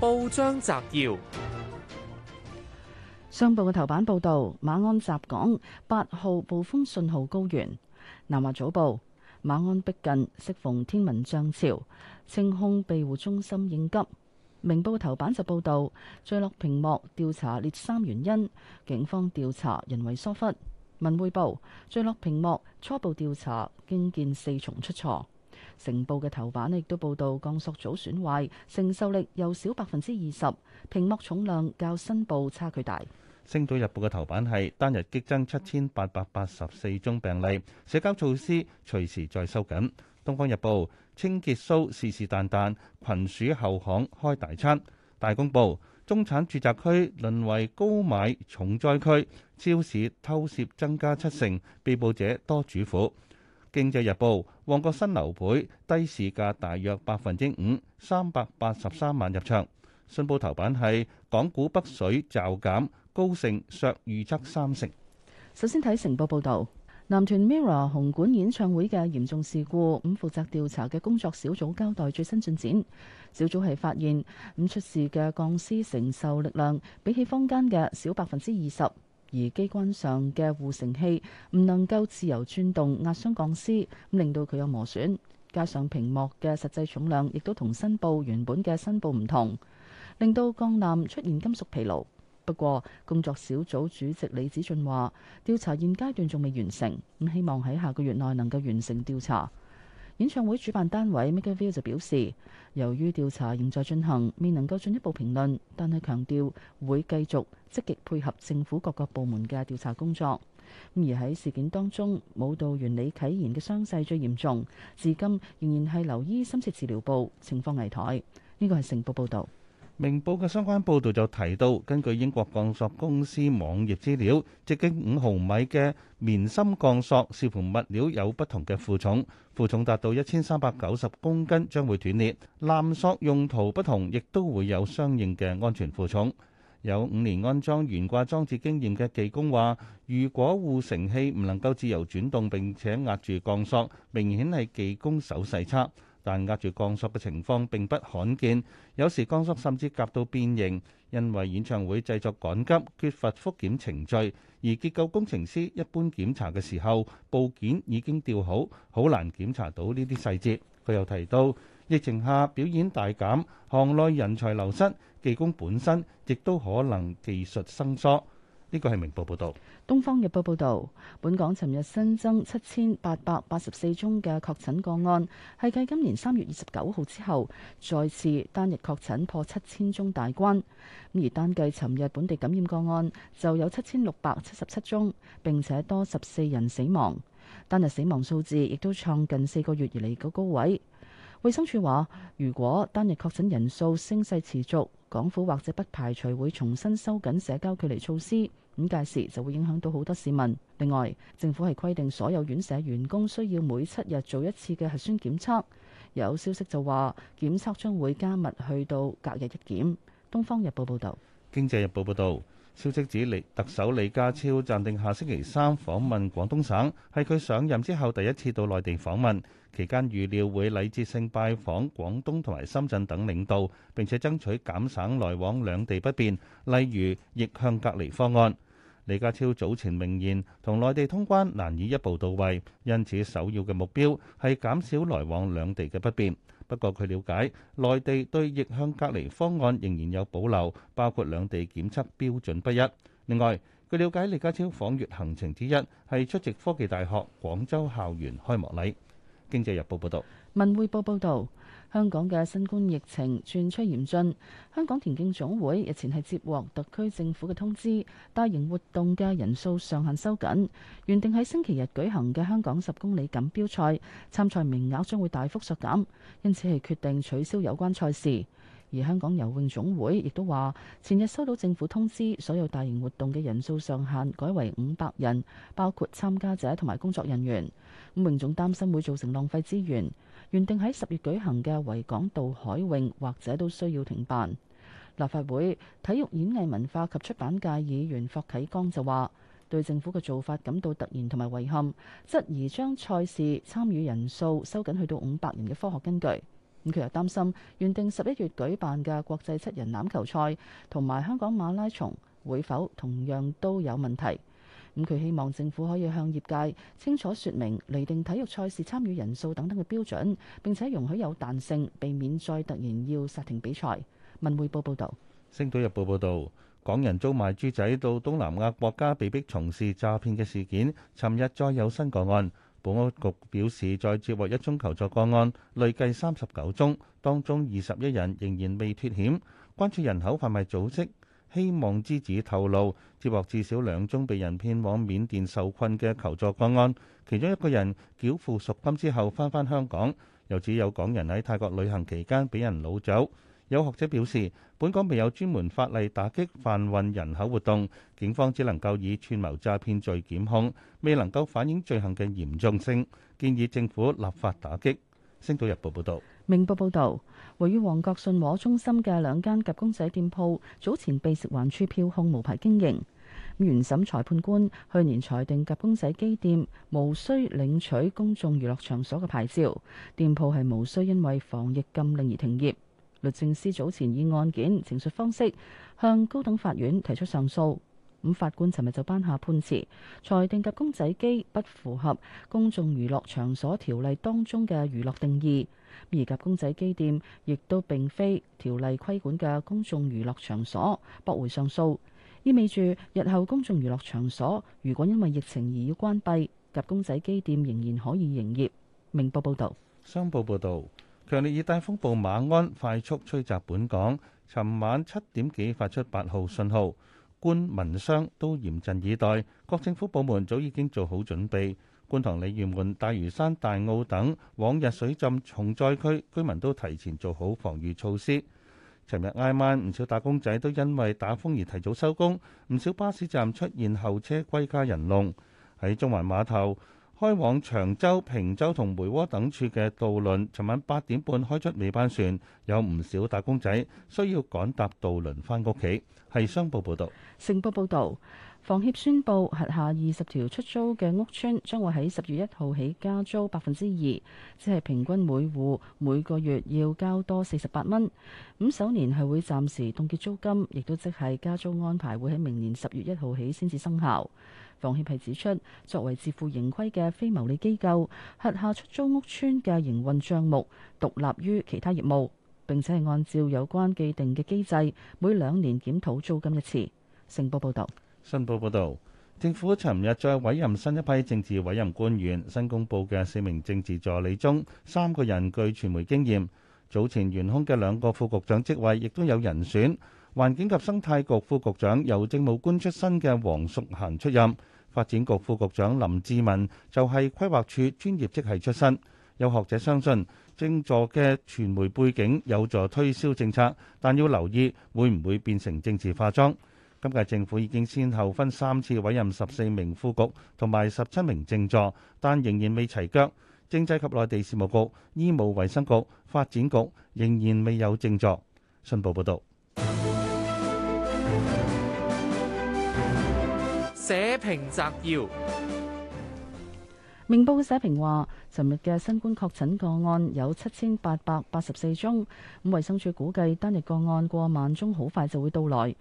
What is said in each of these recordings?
報章摘要：商報嘅頭版報道馬鞍襲港，八號暴風信號高懸。南華早報馬鞍逼近，適逢天文漲潮，清空庇護中心應急。明報嘅頭版就報道墜落屏幕，調查列三原因，警方調查人為疏忽。文匯報墜落屏幕，初步調查驚見四重出錯。成報嘅頭版亦都報道降索組損壞，承受力又少百分之二十。屏幕重量較新報差距大。星島日報嘅頭版係單日激增七千八百八十四宗病例，社交措施隨時在收緊。東方日報，清潔蘇是是旦旦，群鼠後巷開大餐。大公報，中產住宅區淪為高買重災區，超市偷竊增加七成，被捕者多主婦。《經濟日報》旺角新樓盤低市價大約百分之五，三百八十三萬入場。信報頭版係港股北水驟減，高盛削預測三成。首先睇成報報導，男團 Mirror 紅館演唱會嘅嚴重事故，咁負責調查嘅工作小組交代最新進展。小組係發現，咁出事嘅鋼絲承受力量比起坊間嘅少百分之二十。而機關上嘅護城器唔能夠自由轉動壓傷鋼，壓傷鋼絲，咁令到佢有磨損。加上屏幕嘅實際重量亦都同申報原本嘅申報唔同，令到鋼纜出現金屬疲勞。不過，工作小組主席李子俊話：調查現階段仲未完成，咁希望喺下個月內能夠完成調查。演唱會主辦單位 MakerVille 就表示，由於調查仍在進行，未能夠進一步評論，但係強調會繼續積極配合政府各個部門嘅調查工作。而喺事件當中，舞蹈員李啟言嘅傷勢最嚴重，至今仍然係留醫深切治療部情況，情況危殆。呢個係成報報道。明報嘅相關報導就提到，根據英國鋼索公司網頁資料，直徑五毫米嘅棉心鋼索視乎物料有不同嘅負重，負重達到一千三百九十公斤將會斷裂。纜索用途不同，亦都會有相應嘅安全負重。有五年安裝懸掛裝置經驗嘅技工話，如果護承器唔能夠自由轉動並且壓住鋼索，明顯係技工手勢差。但壓住降索嘅情況並不罕見，有時降索甚至夾到變形，因為演唱會製作趕急，缺乏復檢程序，而結構工程師一般檢查嘅時候，部件已經調好，好難檢查到呢啲細節。佢又提到，疫情下表演大減，行內人才流失，技工本身亦都可能技術生疏。呢個係明報報導，東方日報報導，本港尋日新增七千八百八十四宗嘅確診個案，係繼今年三月二十九號之後，再次單日確診破七千宗大關。而單計尋日本地感染個案就有七千六百七十七宗，並且多十四人死亡，單日死亡數字亦都創近四個月以嚟嘅高位。衛生署話，如果單日確診人數升勢持續，港府或者不排除會重新收緊社交距離措施，咁屆時就會影響到好多市民。另外，政府係規定所有院舍員工需要每七日做一次嘅核酸檢測，有消息就話檢測將會加密去到隔日一檢。東方日報報道，經濟日報報道。消息指李特首李家超暫定下星期三訪問廣東省，係佢上任之後第一次到內地訪問。期間預料會禮節性拜訪廣東同埋深圳等領導，並且爭取減省來往兩地不便，例如逆向隔離方案。李家超早前明言，同內地通關難以一步到位，因此首要嘅目標係減少來往兩地嘅不便。不過據瞭解，內地對逆向隔離方案仍然有保留，包括兩地檢測標準不一。另外，據瞭解，李家超訪粵行程之一係出席科技大學廣州校園開幕禮。經濟日報報導，文匯報報導。香港嘅新冠疫情轉趨嚴峻，香港田徑總會日前係接獲特區政府嘅通知，大型活動嘅人數上限收緊，原定喺星期日舉行嘅香港十公里錦標賽參賽名額將會大幅縮減，因此係決定取消有關賽事。而香港游泳總會亦都話前日收到政府通知，所有大型活動嘅人數上限改為五百人，包括參加者同埋工作人員。咁泳總擔心會造成浪費資源，原定喺十月舉行嘅維港渡海泳或者都需要停辦。立法會體育演藝文化及出版界議員霍啟剛就話：對政府嘅做法感到突然同埋遺憾，質疑將賽事參與人數收緊去到五百人嘅科學根據。咁佢又擔心原定十一月舉辦嘅國際七人欖球賽同埋香港馬拉松會否同樣都有問題。佢希望政府可以向業界清楚說明釐定體育賽事參與人數等等嘅標準，並且容許有彈性，避免再突然要煞停比賽。文匯報報導，《星島日報》報導，港人租賣豬仔到東南亞國家被逼從事詐騙嘅事件，尋日再有新個案。保安局表示，再接獲一宗求助個案，累計三十九宗，當中二十一人仍然未脫險，關注人口販賣組織，希望之子透露，接獲至少兩宗被人騙往緬甸受困嘅求助個案，其中一個人繳付贖金之後翻返香港。又指有港人喺泰國旅行期間俾人擄走。有學者表示，本港未有專門法例打擊販運人口活動，警方只能夠以串謀詐騙罪檢控，未能夠反映罪行嘅嚴重性，建議政府立法打擊。星島日報報道，明報報道，位於旺角信和中心嘅兩間夾公仔店鋪早前被食環署票控無牌經營。原審裁判官去年裁定夾公仔機店無需領取公眾娛樂場所嘅牌照，店鋪係無需因為防疫禁令而停業。律政司早前以案件陳述方式向高等法院提出上訴。咁法官尋日就頒下判詞裁定夾公仔機不符合《公眾娛樂場所條例》當中嘅娛樂定義，而夾公仔機店亦都並非條例規管嘅公眾娛樂場所，駁回上訴，意味住日後公眾娛樂場所如果因為疫情而要關閉，夾公仔機店仍然可以營業。明報報道，商報報道，強烈熱帶風暴馬鞍快速吹襲本港，尋晚七點幾發出八號信號。嗯官民商都嚴陣以待，各政府部門早已經做好準備。觀塘、鯉魚門、大嶼山、大澳等往日水浸重災區居民都提前做好防御措施。尋日挨晚，唔少打工仔都因為打風而提早收工，唔少巴士站出現候車歸家人龍。喺中環碼頭，開往長洲、平洲同梅窩等處嘅渡輪，尋晚八點半開出尾班船，有唔少打工仔需要趕搭渡輪返屋企。係商報報道，成報報道，房協宣布轄下二十條出租嘅屋邨將會喺十月一號起加租百分之二，即係平均每戶每個月要交多四十八蚊。咁首年係會暫時凍結租金，亦都即係加租安排會喺明年十月一號起先至生效。房協係指出，作為自負盈虧嘅非牟利機構，轄下出租屋邨嘅營運帳目獨立於其他業務，並且係按照有關既定嘅機制，每兩年檢討租金一次。成報報導，新報報導，政府尋日再委任新一批政治委任官員，新公布嘅四名政治助理中，三個人具傳媒經驗，早前懸空嘅兩個副局長職位亦都有人選。環境及生態局副局長由政務官出身嘅黃淑嫻出任，發展局副局長林智文就係規劃署專業職系出身。有學者相信，政助嘅傳媒背景有助推銷政策，但要留意會唔會變成政治化妝。今屆政府已經先後分三次委任十四名副局同埋十七名政助，但仍然未齊腳。政制及內地事務局、醫務衛生局、發展局仍然未有政助。信報報道。社評摘要：明報社評話，尋日嘅新冠確診個案有七千八百八十四宗，咁衛生署估計單日個案過萬宗，好快就會到來。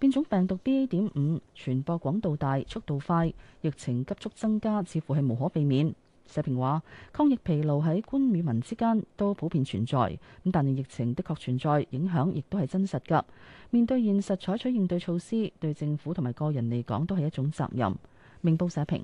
變種病毒 BA 點五傳播廣度大、速度快，疫情急速增加，似乎係無可避免。社評話：抗疫疲勞喺官與民之間都普遍存在，咁但係疫情的確存在，影響亦都係真實㗎。面對現實，採取應對措施，對政府同埋個人嚟講都係一種責任。明報社評。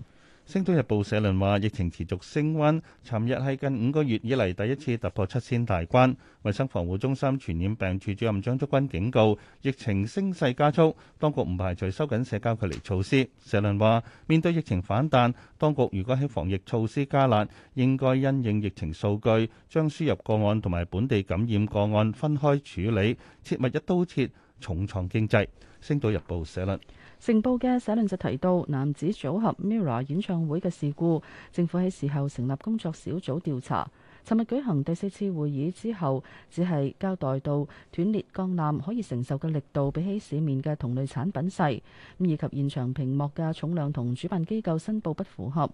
《星島日報》社論話：疫情持續升溫，尋日係近五個月以嚟第一次突破七千大關。衞生防護中心傳染病處主任張竹君警告，疫情升勢加速，當局唔排除收緊社交距離措施。社論話：面對疫情反彈，當局如果喺防疫措施加辣，應該因應疫情數據，將輸入個案同埋本地感染個案分開處理，切勿一刀切。重創經濟。星島日報社論。成報嘅社論就提到男子組合 MIRROR 演唱會嘅事故，政府喺事後成立工作小組調查。尋日舉行第四次會議之後，只係交代到斷裂鋼纜可以承受嘅力度比起市面嘅同類產品細，咁以及現場屏幕嘅重量同主辦機構申報不符合。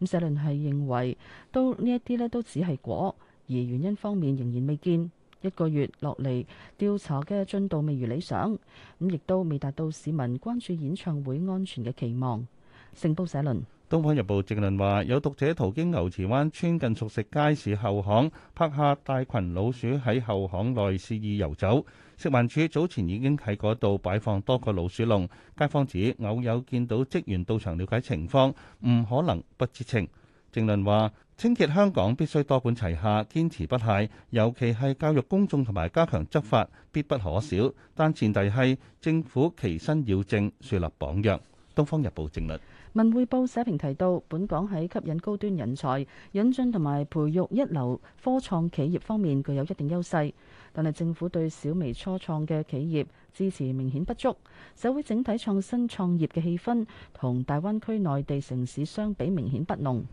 咁社論係認為都呢一啲呢都只係果，而原因方面仍然未見。一個月落嚟調查嘅進度未如理想，咁亦都未達到市民關注演唱會安全嘅期望。成報社論。《東方日報》正論話，有讀者途經牛池灣村近熟食街市後巷，拍下大群老鼠喺後巷內肆意遊走。食環署早前已經喺嗰度擺放多個老鼠籠。街坊指偶有見到職員到場了解情況，唔可能不知情。正論話。清潔香港必須多管齊下，堅持不懈，尤其係教育公眾同埋加強執法，必不可少。但前提係政府其身要正，樹立榜樣。《東方日報》正論。《文匯報》社評提到，本港喺吸引高端人才、引進同埋培育一流科創企業方面具有一定優勢，但係政府對小微初創嘅企業支持明顯不足，社會整體創新創業嘅氣氛同大灣區內地城市相比明顯不濃。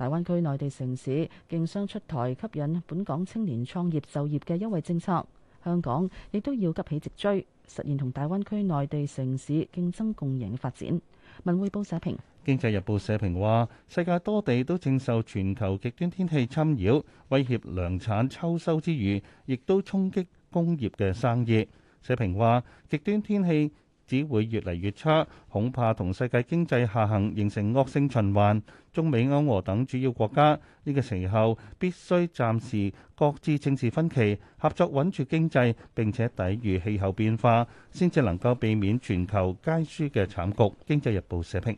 大灣區內地城市競相出台吸引本港青年創業就業嘅優惠政策，香港亦都要急起直追，實現同大灣區內地城市競爭共贏嘅發展。文匯報社評。《經濟日報》社評話：世界多地都正受全球極端天氣侵擾，威脅糧產秋收之餘，亦都衝擊工業嘅生意。社評話：極端天氣只會越嚟越差，恐怕同世界經濟下行形成惡性循環。中美歐俄等主要國家呢個時候必須暫時擱置政治分歧，合作穩住經濟，並且抵禦氣候變化，先至能夠避免全球皆輸嘅慘局。經濟日報社評。